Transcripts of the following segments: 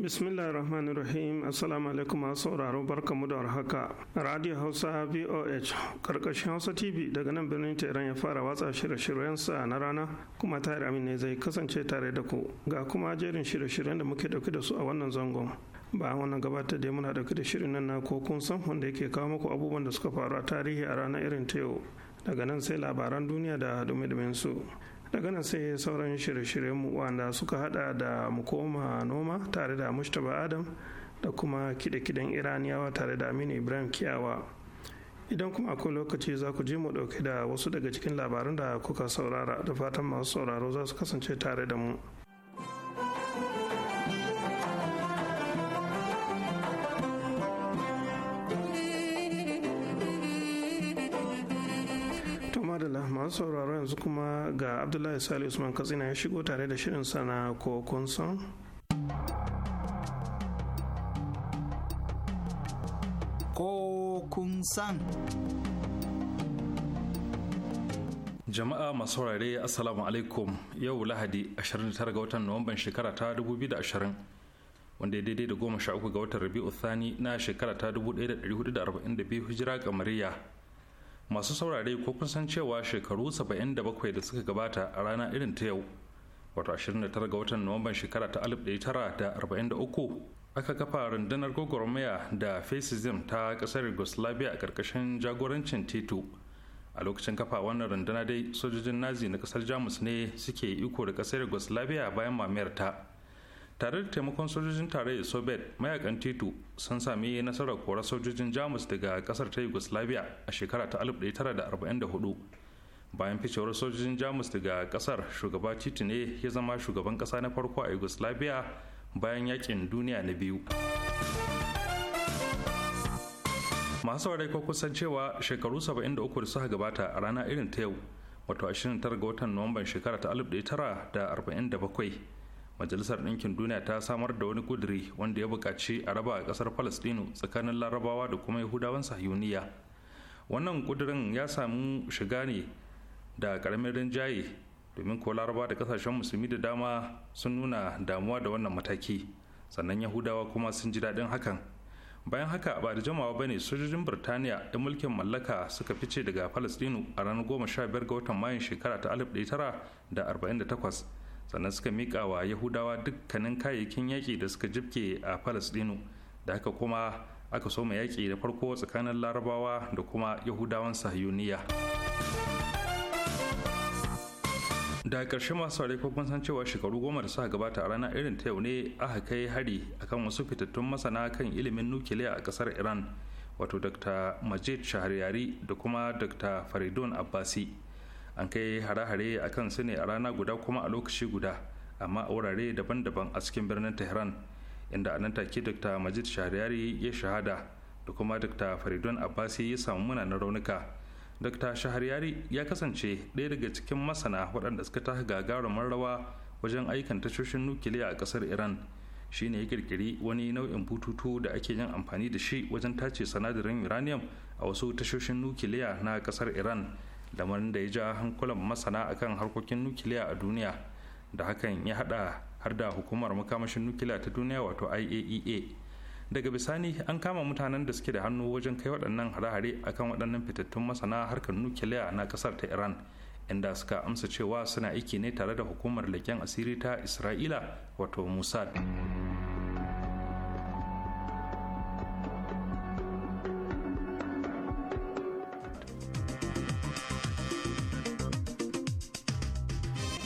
bismillah rahman rahim assalamu alaikum masu sauraro mu da warhaka radio hausa voh karkashin hausa tv daga nan birnin tehran ya fara watsa shirye shiryen sa na rana kuma tare amin ne zai kasance tare da ku ga kuma jerin shirye-shiryen da muke dauke da su a wannan zangon bayan wannan gabatar da muna dauke da shirin nan na ko kun san wanda yake kawo muku abubuwan da suka faru a tarihi a ranar irin ta yau daga nan sai labaran duniya da dumi su daga nan sai sauran shirye-shiryen wanda suka hada da mu koma noma tare da mustapha adam da kuma kide-kiden iraniyawa tare da aminu ibrahim kiyawa idan kuma akwai lokaci za ku je mu dauke da wasu daga cikin labarun da kuka saurara da fatan masu sauraro za su kasance tare da mu. masu sauraro yanzu kuma ga abdullahi sali usman katsina ya shigo tare da shirin sana ko kun san ko kun san jama'a masu saurare assalamu alaikum yau lahadi 29 ga watan nuwamban shekara ta 2020 wanda ya daidai da goma sha uku ga watan rabi'u thani na shekara ta 1442 hijira kamariya masu saurare ko kun san cewa shekaru 77 da suka gabata a rana irin ta yau wato 29 ga watan nuwamban shekara ta 1943 aka kafa rundunar gwagwarmaya da fascism ta kasar yugoslavia a karkashin jagorancin tito a lokacin kafa wannan runduna dai sojojin nazi na kasar jamus ne suke iko da kasar yugoslavia bayan mamayar ta tare da taimakon sojojin tarayyar soviet mayakan titu sun sami nasarar korar sojojin jamus daga kasar ta yugoslavia a shekara ta 1944 bayan ficewar sojojin jamus daga kasar shugaba titi ne ya zama shugaban kasa na farko a yugoslavia bayan yakin duniya na biyu masu saurari ko kusan cewa shekaru 73 da suka gabata a rana irin ta yau wato 29 ga watan nuwamban shekara ta 1947 majalisar ɗinkin duniya ta samar da wani kuduri wanda ya buƙaci a raba a ƙasar palestino tsakanin larabawa da kuma yahudawan sahiyuniya wannan kudurin ya samu shiga ne da ƙaramin rinjaye domin ko laraba da ƙasashen musulmi da dama sun nuna damuwa da wannan mataki sannan yahudawa kuma sun ji daɗin hakan bayan haka ba da jamawa bane sojojin birtaniya da mulkin mallaka suka fice daga palestino a ranar goma sha biyar ga watan mayun shekara ta 1948 sannan suka miƙa wa yahudawa dukkanin kayayyakin yaƙi da suka jibke a palestino da haka kuma aka soma yaƙi da farko tsakanin larabawa da kuma yahudawan sahiyoniya da ƙarshe masu saurari ko kun san cewa shekaru goma da suka gabata a ranar irin ta yau ne aka kai hari akan wasu fitattun masana kan ilimin nukiliya a ƙasar iran wato dr majid shahariyari da kuma dr faridun abbasi an kai hare-hare a kan su ne a rana guda kuma a lokaci guda amma a wurare daban-daban a cikin birnin tehran inda a nan take dr majid shahariyari ya shahada da kuma dr faridun abbasi ya samu munanan raunuka dr shahariyari ya kasance ɗaya daga cikin masana waɗanda suka taka gagarumin rawa wajen aikan tashoshin nukiliya a ƙasar iran shine ya kirkiri wani nau'in bututu da ake yin amfani da shi wajen tace sanadarin uranium a wasu tashoshin nukiliya na ƙasar iran lamarin da ya ja hankulan masana akan harkokin nukiliya a duniya da hakan ya hada har da hukumar makamashin nukiliya ta duniya wato iaea e daga bisani an kama mutanen da suke da hannu wajen kai waɗannan hare-hare akan waɗannan fitattun masana harkar nukiliya na ƙasar ta iran inda suka amsa cewa suna aiki ne tare da hukumar leƙen asiri ta isra'ila wato musad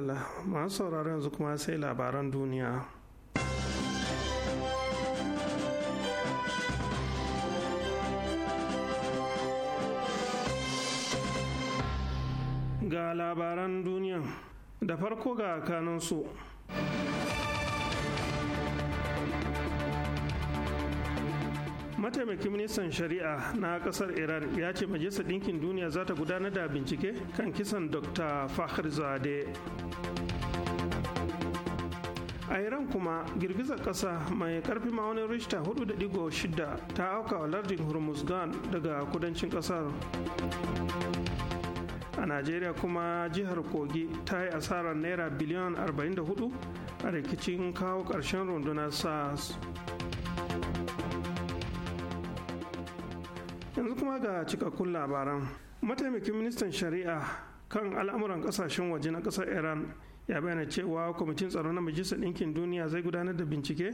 madalla masu sauraro yanzu kuma sai labaran duniya ga labaran duniya da farko ga kanunsu su mataimakin ministan shari'a na kasar iran ya ce majalisar ɗinkin duniya za ta gudanar da bincike kan kisan dr fahar zade a iran kuma girgizar ƙasa mai karfi ma'aunin rishta 4.6 ta auka wa lardin hormuzgan daga kudancin kasar a najeriya kuma jihar kogi ta yi asarar naira biliyan 44 a rikicin kawo ƙarshen rundunar sars yanzu kuma ga cikakkun labaran mataimakin ministan shari'a kan al'amuran kasashen waje na kasar iran ya bayyana cewa kwamitin tsaro na majalisar ɗinkin duniya zai gudanar da bincike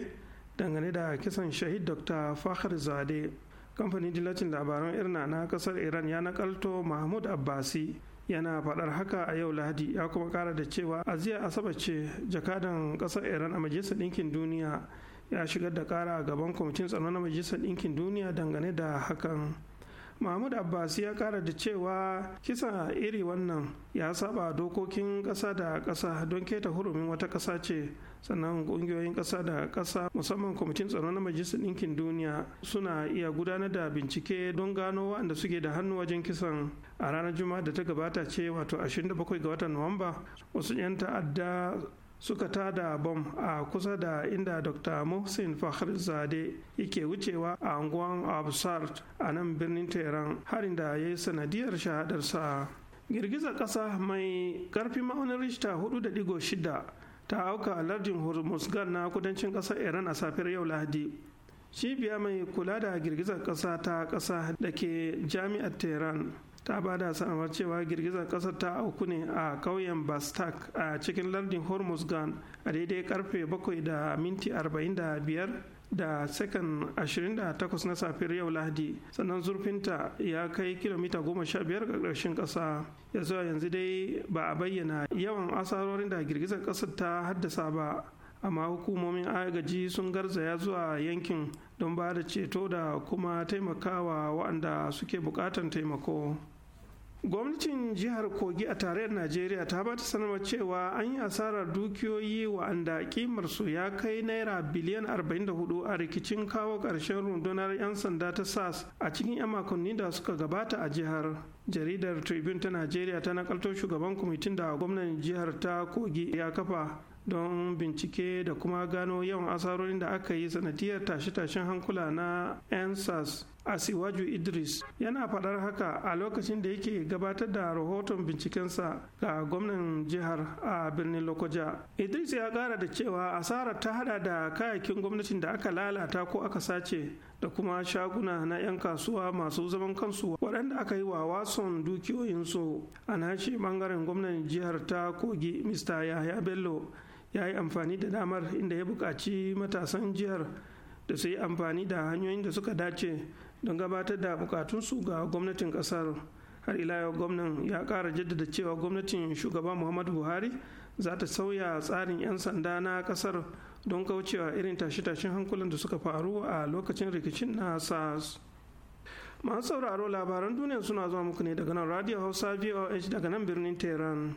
dangane da kisan shahid dr fahar zade kamfanin dillacin labaran irna na kasar iran ya nakalto mahmud abbasi yana faɗar haka a yau lahadi ya kuma ƙara da cewa a jiya asabar ce jakadan kasar iran a majalisar ɗinkin duniya ya shigar da ƙara a gaban kwamitin tsaro na majalisar ɗinkin duniya dangane da hakan mahmud abbas ya kara da cewa kisa iri wannan ya saba dokokin kasa da kasa don keta hurumin wata kasa ce sannan kungiyoyin ƙasa da ƙasa musamman kwamitin tsaro na majalisar ɗinkin duniya suna iya gudanar da bincike don gano waɗanda suke da hannu wajen kisan a ranar juma'a da ta gabata ce wato 27 ga watan nuwamba wasu 'yan ta'adda suka tada bom a kusa da inda dr mohsin fakhrizade yake wucewa a anguwan absard a nan birnin tehran harin da ya yi sanadiyar shahadarsa girgizar ƙasa mai ƙarfi ma'aunin rishta 4.6 ta auka a lardin hormuzgan na kudancin ƙasar iran a safiyar yau lahadi cibiya mai kula da girgizar ƙasa ta ƙasa da ke jami'ar tehran ta ba da sanarwar cewa girgizar kasar ta auku ne a ƙauyen bastak a cikin lardin hormuzgan a daidai karfe 7 da minti 45 da sekan 28 na safiyar yau lahadi sannan zurfinta ya kai kilomita 15 ga ƙarshen ƙasa ya zuwa yanzu dai ba a bayyana yawan asarorin da girgizar ƙasar ta haddasa ba amma hukumomin agaji sun garzaya zuwa yankin don ba da ceto da kuma taimakawa waɗanda suke buƙatan taimako gwamnatin jihar kogi a tarayyar najeriya ta bata sanarwa cewa an yi asarar dukiyoyi wa'anda kimarsu ya kai naira biliyan 44 a rikicin kawo ƙarshen rundunar 'yan sanda ta sas a cikin 'yan makonni da suka gabata a jihar jaridar tribune ta najeriya ta nakalto shugaban kwamitin da gwamnan jihar ta kogi ya kafa don bincike da kuma gano yawan asarorin da aka yi sanadiyar tashe-tashen hankula na ansas. asiwaju idris yana faɗar haka a lokacin da yake gabatar da rahoton bincikensa ga gwamnan jihar a birnin lokoja idris ya ƙara da cewa asarar ta hada da kayakin gwamnatin da aka lalata ko aka sace da kuma shaguna na 'yan kasuwa masu zaman kansu waɗanda aka yi wa wason dukiyoyinsu a nashi ɓangaren gwamnan jihar ta kogi mr yahya bello ya yi amfani da damar inda ya buƙaci matasan jihar da su yi amfani da hanyoyin da suka dace don gabatar da bukatunsu ga gwamnatin kasar har ila yau gwamnan ya kara jaddada cewa gwamnatin shugaba muhammadu buhari za ta sauya tsarin 'yan sanda na kasar don kaucewa irin tashe-tashen hankulan da suka faru a lokacin rikicin na sars masu sauraro labaran duniya suna zuwa muku ne daga nan radio hausa voh daga nan birnin tehran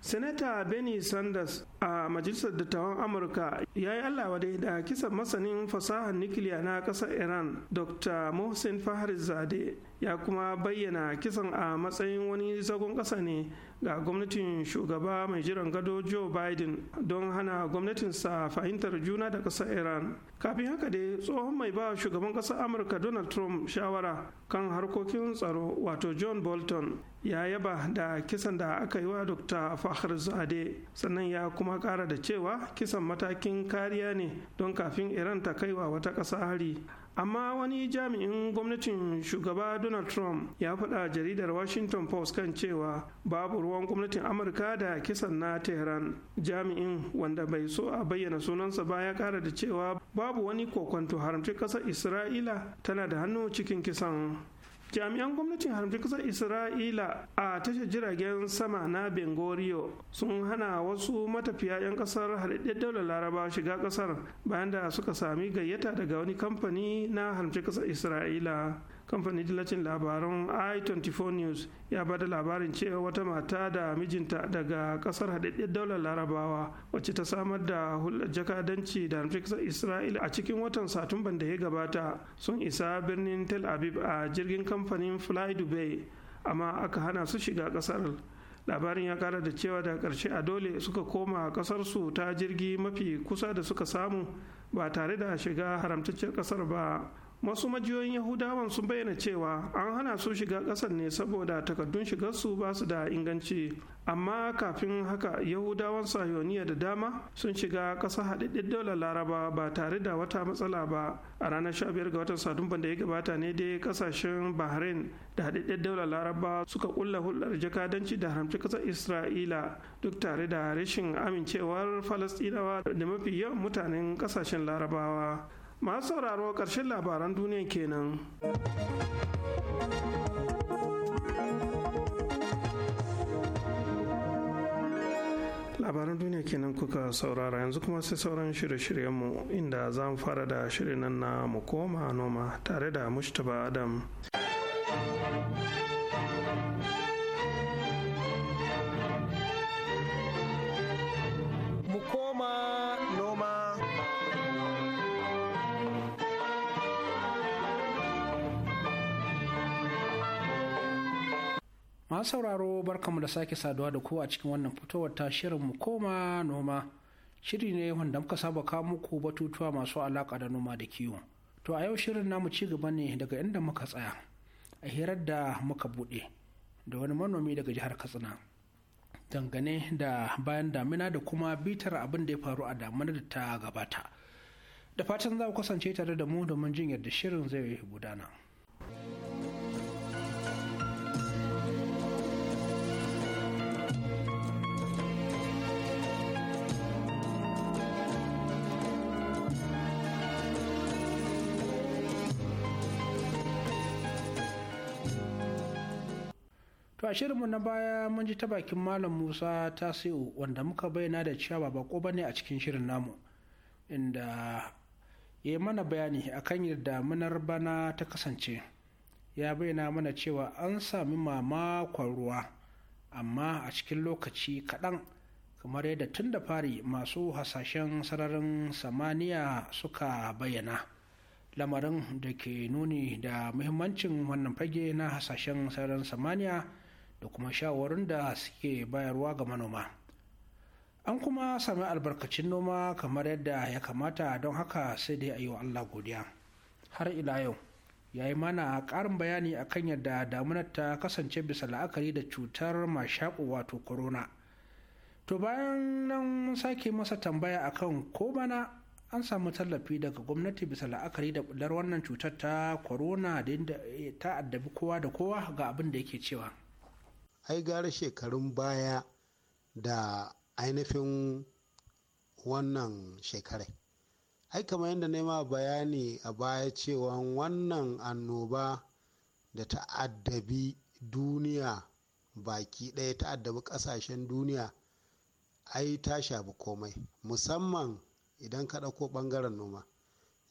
senator benny sanders a majalisar dattawan amurka ya yi allah dai da kisan masanin fasahar nukiliya na ƙasar iran dr mohsen zade ya kuma bayyana kisan a matsayin wani zagon ƙasa ne ga gwamnatin shugaba mai jiran gado joe biden don hana gwamnatinsa fahimtar juna da ƙasar iran kafin haka dai tsohon mai ba shugaban ƙasar amurka donald trump shawara kan harkokin tsaro wato john bolton ya yaba da kisan da aka yi wa dr zade sannan ya kuma kuma kara da cewa kisan matakin kariya ne don kafin iran ta kaiwa wata ƙasa hari amma wani jami'in gwamnatin shugaba donald trump ya faɗa jaridar washington post kan cewa babu ruwan gwamnatin amurka da kisan na tehran jami'in wanda bai so a bayyana sunansa ba ya ƙara da cewa babu wani kokwanto haramci ƙasar isra'ila tana da hannu cikin kisan jami'an gwamnatin haramci kasar isra'ila a tashar jiragen sama na bengorio sun hana wasu matafiya 'yan kasar haɗaɗɗen daular laraba shiga kasar bayan da suka sami gayyata daga wani kamfani na haramci kasar isra'ila kamfanin dillacin labaran i24 news ya ba da labarin cewa wata mata da mijinta daga kasar haɗaɗɗen daular larabawa wacce ta samar da hulɗar jakadanci da amurka isra'ila a cikin watan satumban da ya gabata sun isa birnin tel aviv a jirgin kamfanin fly dubai amma aka hana su shiga kasar labarin ya kara da cewa da ƙarshe a dole suka koma su ta jirgi mafi kusa da suka samu ba tare da shiga haramtaccen ƙasar ba wasu majiyoyin yahudawan sun bayyana cewa an hana su shiga ƙasar ne saboda takardun shigarsu ba su da inganci amma kafin haka yahudawan sayoniya da dama sun shiga ƙasa haɗaɗɗen daular laraba ba tare da wata matsala ba a ranar 15 ga watan satumban da ya gabata ne dai ƙasashen bahrain da haɗaɗɗen daular laraba suka ƙulla hulɗar jakadanci da haramci ƙasar isra'ila duk tare da rashin amincewar falastinawa da mafi yawan mutanen ƙasashen larabawa masu sauraro ƙarshen labaran duniya kenan. labaran duniya kenan kuka saurara yanzu kuma sai sauran shirye-shiryenmu inda za mu fara da shirin nan na mu koma noma tare da mustapha adam masu sauraro barkamu da sake saduwa da ku a cikin wannan fitowar ta mu koma noma shiri ne wanda muka saba kawo muku batutuwa masu alaka da noma da kiwo to a yau shirin namu ci gaba ne daga inda muka tsaya a hirar da muka bude da wani manomi daga jihar katsina dangane da bayan damina da kuma bitar abin da ya faru a damina da ta gabata da fatan za ku kasance tare da mu domin jin yadda shirin zai gudana. a shirinmu na baya mun ji ta bakin malam musa tasiu wanda muka bayyana da cewa ba bako bane a cikin shirin namu inda ya mana bayani akan yadda munar bana ta kasance ya bayyana mana cewa an sami mamakon ruwa amma a cikin lokaci kaɗan kamar yadda tun da fari masu hasashen sararin samaniya suka bayyana lamarin da ke nuni da muhimmancin wannan fage na hasashen sararin samaniya da kuma shawarun da suke bayarwa ga manoma an kuma sami albarkacin noma kamar yadda ya kamata don haka sai dai ayiwa allah godiya har ila yau ya yi mana ƙarin bayani a kan yadda damunar ta kasance bisa la'akari da cutar mashaƙo wato corona to bayan nan sake masa tambaya akan ko bana an samu tallafi daga gwamnati bisa la'akari da bular wannan cutar ta corona da ta addabi kowa da kowa ga abin da yake cewa ai gara shekarun baya da ainihin wannan shekarai ai kamar yadda nema bayani a baya cewa wannan annoba da ta'addabi duniya baki ɗaya ta'addabi ƙasashen duniya ai ta shafi komai musamman idan ka ɗauko ɓangaren noma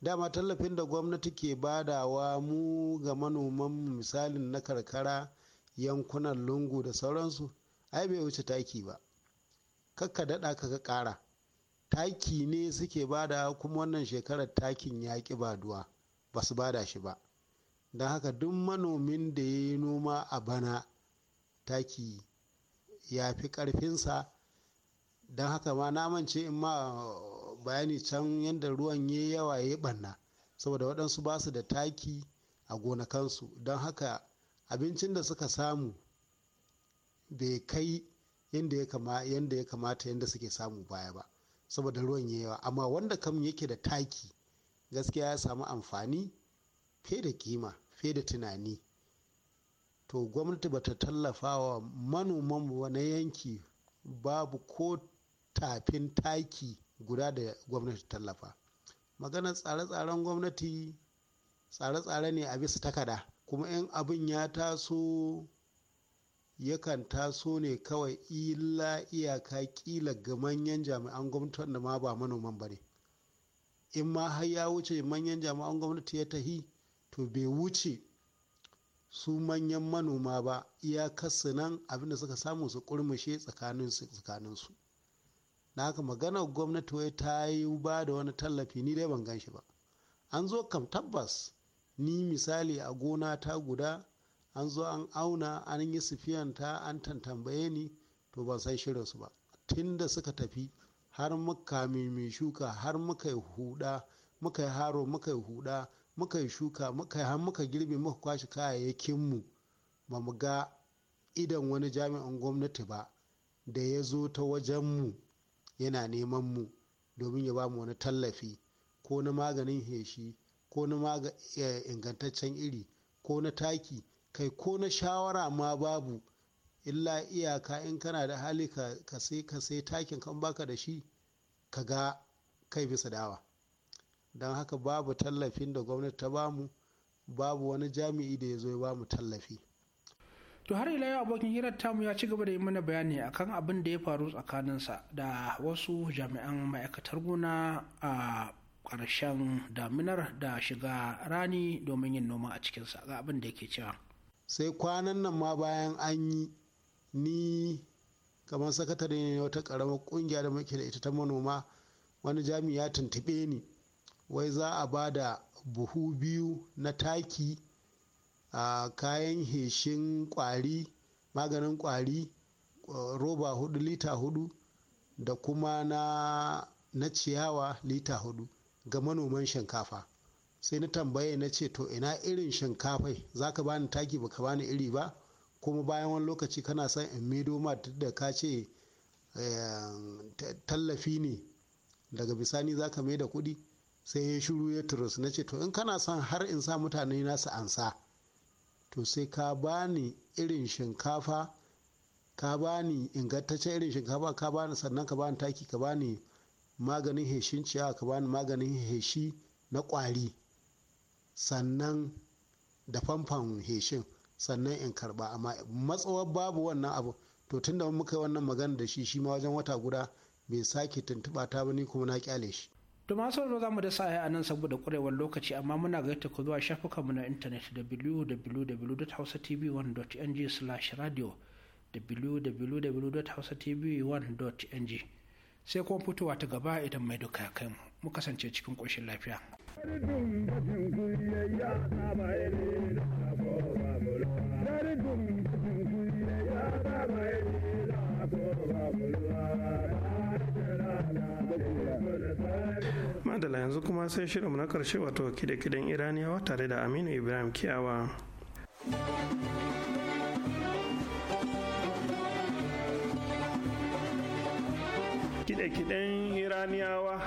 dama tallafin da gwamnati ke badawa mu ga manoman misalin na karkara yankunan lungu da sauransu ai bai wuce taki ba kakka daɗa ka ka ƙara taki ne suke bada kuma wannan shekarar takin ya ƙi baduwa ba su bada shi ba don haka duk manomin da ya yi noma a bana taki ya fi ƙarfinsa don haka ma namance in ma bayani can yadda ruwan ya yawa ya ɓanna saboda waɗansu ba su da taki a gonakansu don haka abincin da suka samu bai kai yadda ya kamata yadda suke samu baya ba saboda ruwan yawa amma wanda kam yake da taki gaskiya ya samu amfani fe da kima fe da tunani to gwamnati ba ta tallafa wa manoman na yanki babu ko tafin taki guda da gwamnati tallafa maganar tsare-tsaren gwamnati tsare-tsare ne a bisa takada kuma in abin ya taso yakan taso ne kawai illa iyaka kila ga manyan jami'an gwamnati wanda ma ba manoman ba ne in ma har ya wuce manyan jami'an gwamnati ya tahi to bai wuce su manyan manoma ba iyakarsu nan abinda suka samu su kurmushe tsakaninsu na haka maganar gwamnati wai ta yi ba da wani tallafi ni dai ban gan shi ba an zo kam tabbas ni misali a gona ta guda an zo an auna an yi sufiyanta an tantambaye ni to ban san shirin su ba tun da suka tafi har muka mai shuka har muka yi huda muka yi haro muka yi huda muka yi shuka muka yi har muka girbe muka kwashi kayayyakinmu ba mu ga idan wani jami'in gwamnati ba da ya zo ta wajenmu yana neman mu domin ya ba mu wani tallafi ko na maganin heshi ko na eh, ingantaccen iri ko na taki kai ko na shawara ma babu illa iyaka in kana da hali ka sai ka sai takin kan baka da shi ka ga kai bisa dawa don haka babu tallafin da gwamnati ta bamu babu wani jami'i da ya zo ya bamu tallafi to har ila yau abokin hirar tamu ya ci gaba da yi mana bayani akan abin da ya faru tsakaninsa da wasu jami'an ma'aikatar gona a ƙarshen daminar da shiga rani domin yin noma a cikin ga abin da yake cewa sai kwanan nan ma bayan an yi ni kamar sakatare ne wata karamar ƙungiya da muke da ita ta manoma wani jami'i ya tuntube ni wai za a ba da buhu biyu na taki a kayan heshin kwari maganin kwari roba hudu lita hudu da kuma na ciyawa lita hudu ga manoman shinkafa sai na tambaye na ce to ina irin shinkafai za ka bani taki baka bani iri ba kuma bayan wani lokaci kana son in medo ma da ka ce eh, tallafi ne daga bisani za ka da kuɗi sai ya shiru ya turus na ce to in kana son har in sa mutane na su ansa to sai ka bani irin shinkafa ka bani ingantaccen irin shinkafa ka bani sannan ka bani taki ka bani maganin heshin ciyawa ka bani maganin heshi na kwari sannan da famfan heshin sannan in karba amma matsawar babu wannan abu to tunda muka yi wannan magana da shi shi ma wajen wata guda bai sake tuntuba ta ba kuma na kyale shi To masu sauraro zamu mu da sa a nan saboda kurewar lokaci amma muna gaita ku zuwa mu na intanet www.hausatv1.ng/radio www.hausatv1.ng sai kuma fitowa ta gaba idan mai duka kai mu mu kasance cikin ƙoshin lafiya. madala yanzu kuma sai shirinmu na karshe wato kide-kiden iraniyawa tare da aminu ibrahim kiyawa kide-kiden iraniyawa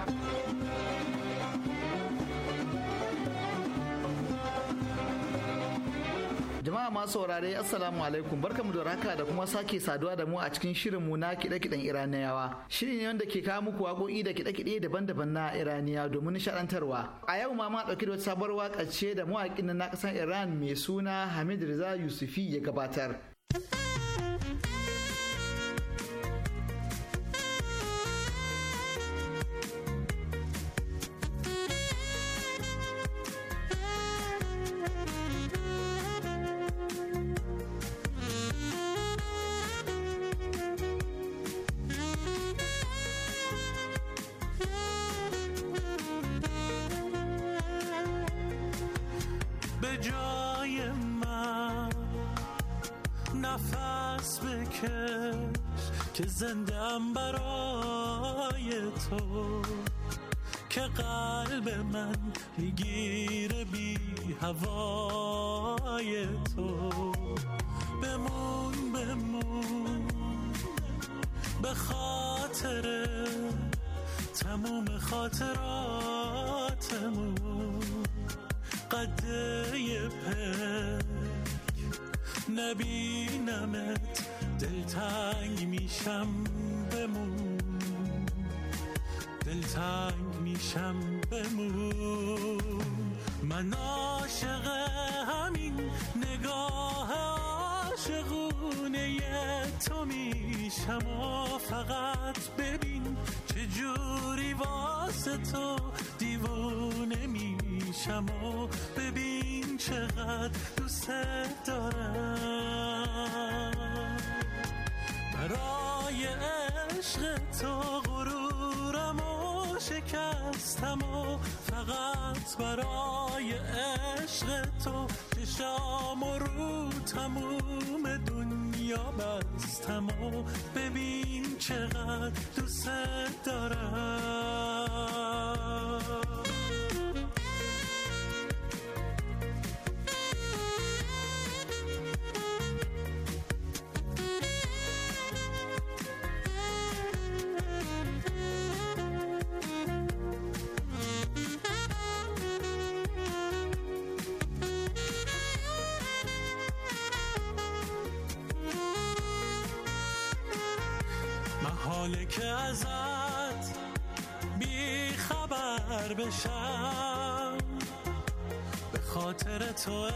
jama'a masu saurare assalamu alaikum barkamu da raka da kuma sake saduwa da mu a cikin shirinmu na kiɗe-kiɗen iraniyawa shirin ne wanda ke kawo muku waƙoƙi da kiɗe-kiɗe daban-daban na iraniya domin nishaɗantarwa a yau ma ma dauke da wata sabuwar waƙa ce da mawaƙin na ƙasar iran mai suna hamid riza yusufi ya gabatar. هوای تو بمون بمون به خاطر تموم خاطراتمون قده پک نبینمت دلتنگ میشم بمون دلتنگ میشم بمون من و فقط ببین چه جوری واسه تو دیوونه میشم و ببین چقدر دوست دارم برای عشق تو شکستم و فقط برای عشق تو چشام و رو تموم دنیا بستم و ببین چقدر دوست دارم که ازت بی خبر بشم به خاطر تو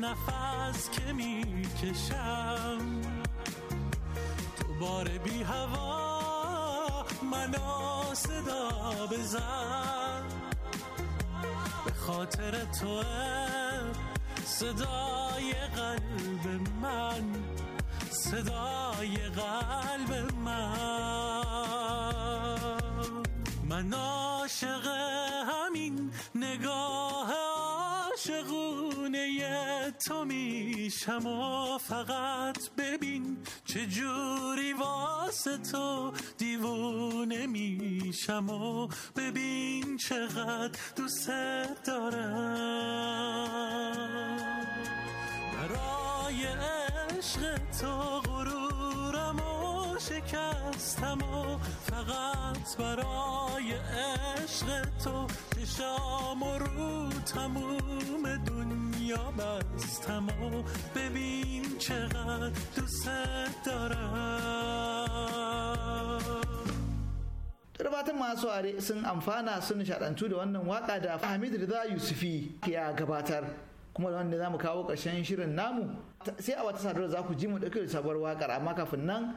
نفس که میکشم تو بار بی هوا منو صدا بزن به خاطر تو صدای قلب من صدای قلب من من عاشق همین نگاه عاشقونه تو میشم و فقط ببین چه جوری واسه تو دیوونه میشم و ببین چقدر دوست دارم عشق تو غرورم و شکستم و فقط برای عشق تو چشام و رو تموم دنیا بستم و ببین چقدر دوست دارم da fatan masu are sun amfana sun shaɗantu da wannan waka da Hamid Rida Yusufi ya gabatar kuma da wanda za mu kawo ƙarshen shirin namu sai a wata sadar za ku ji mu ɗauke da sabuwar waƙar amma kafin nan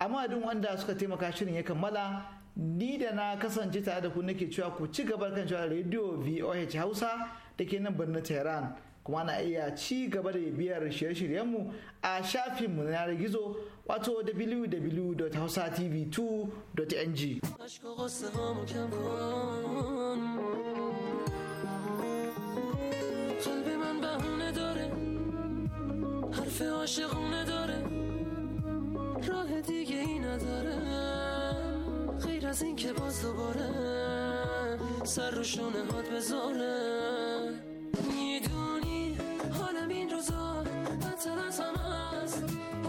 amma duk wanda suka taimaka shirin ya kammala ni da na kasance tare da ku nake cewa ku ci gaba kan cewa rediyo voh hausa da ke nan birnin tehran kuma na iya ci gaba da biyar shirye-shiryenmu a shafinmu na yanar gizo wato www.hausatv2.ng من بهونه داره حرف عاشقونه داره راه دیگه ای نداره غیر از این که باز دوباره سر رو شونه هات بذاره میدونی حالم این روزا بدتر از همه هست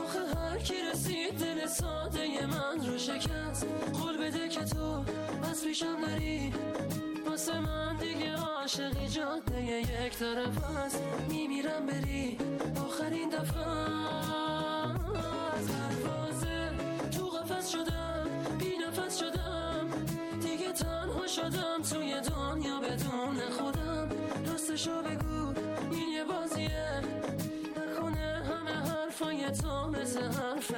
آخه هر کی رسید دل ساده من رو شکست قول بده که تو از پیشم نری واسه من دیگه عاشقی جاده یک طرف هست میمیرم بری آخرین دفعه از تو قفص شدم بی نفس شدم دیگه تنها شدم توی دنیا بدون خودم راستشو بگو این یه بازیه نکنه همه حرفای تو مثل حرف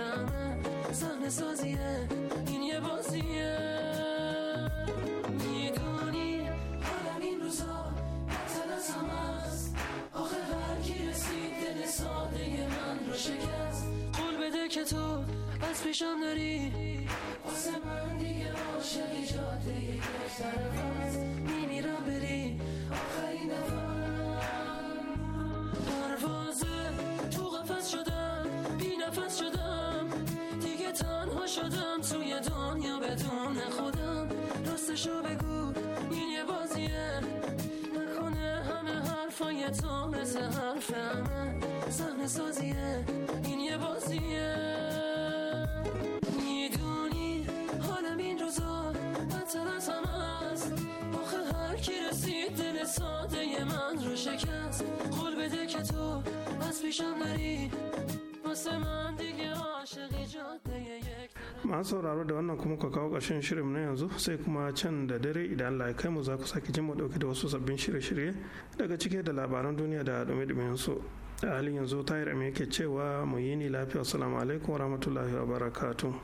سحن سازیه این یه بازیه که تو از پیشم داری واسه من دیگه عاشقی جاده یک طرف هست میمیرم بری آخرین نفر masu sauraro da wannan kuma ka kawo ƙarshen shirin na yanzu sai kuma can da dare idan Allah ya kai mu za ku sake jin mu dauke da wasu sabbin shirye-shirye daga cike da labaran duniya da dumi-dumin su a halin yanzu tayar yake cewa mu yi ni lafiya assalamu alaikum warahmatullahi barakatu.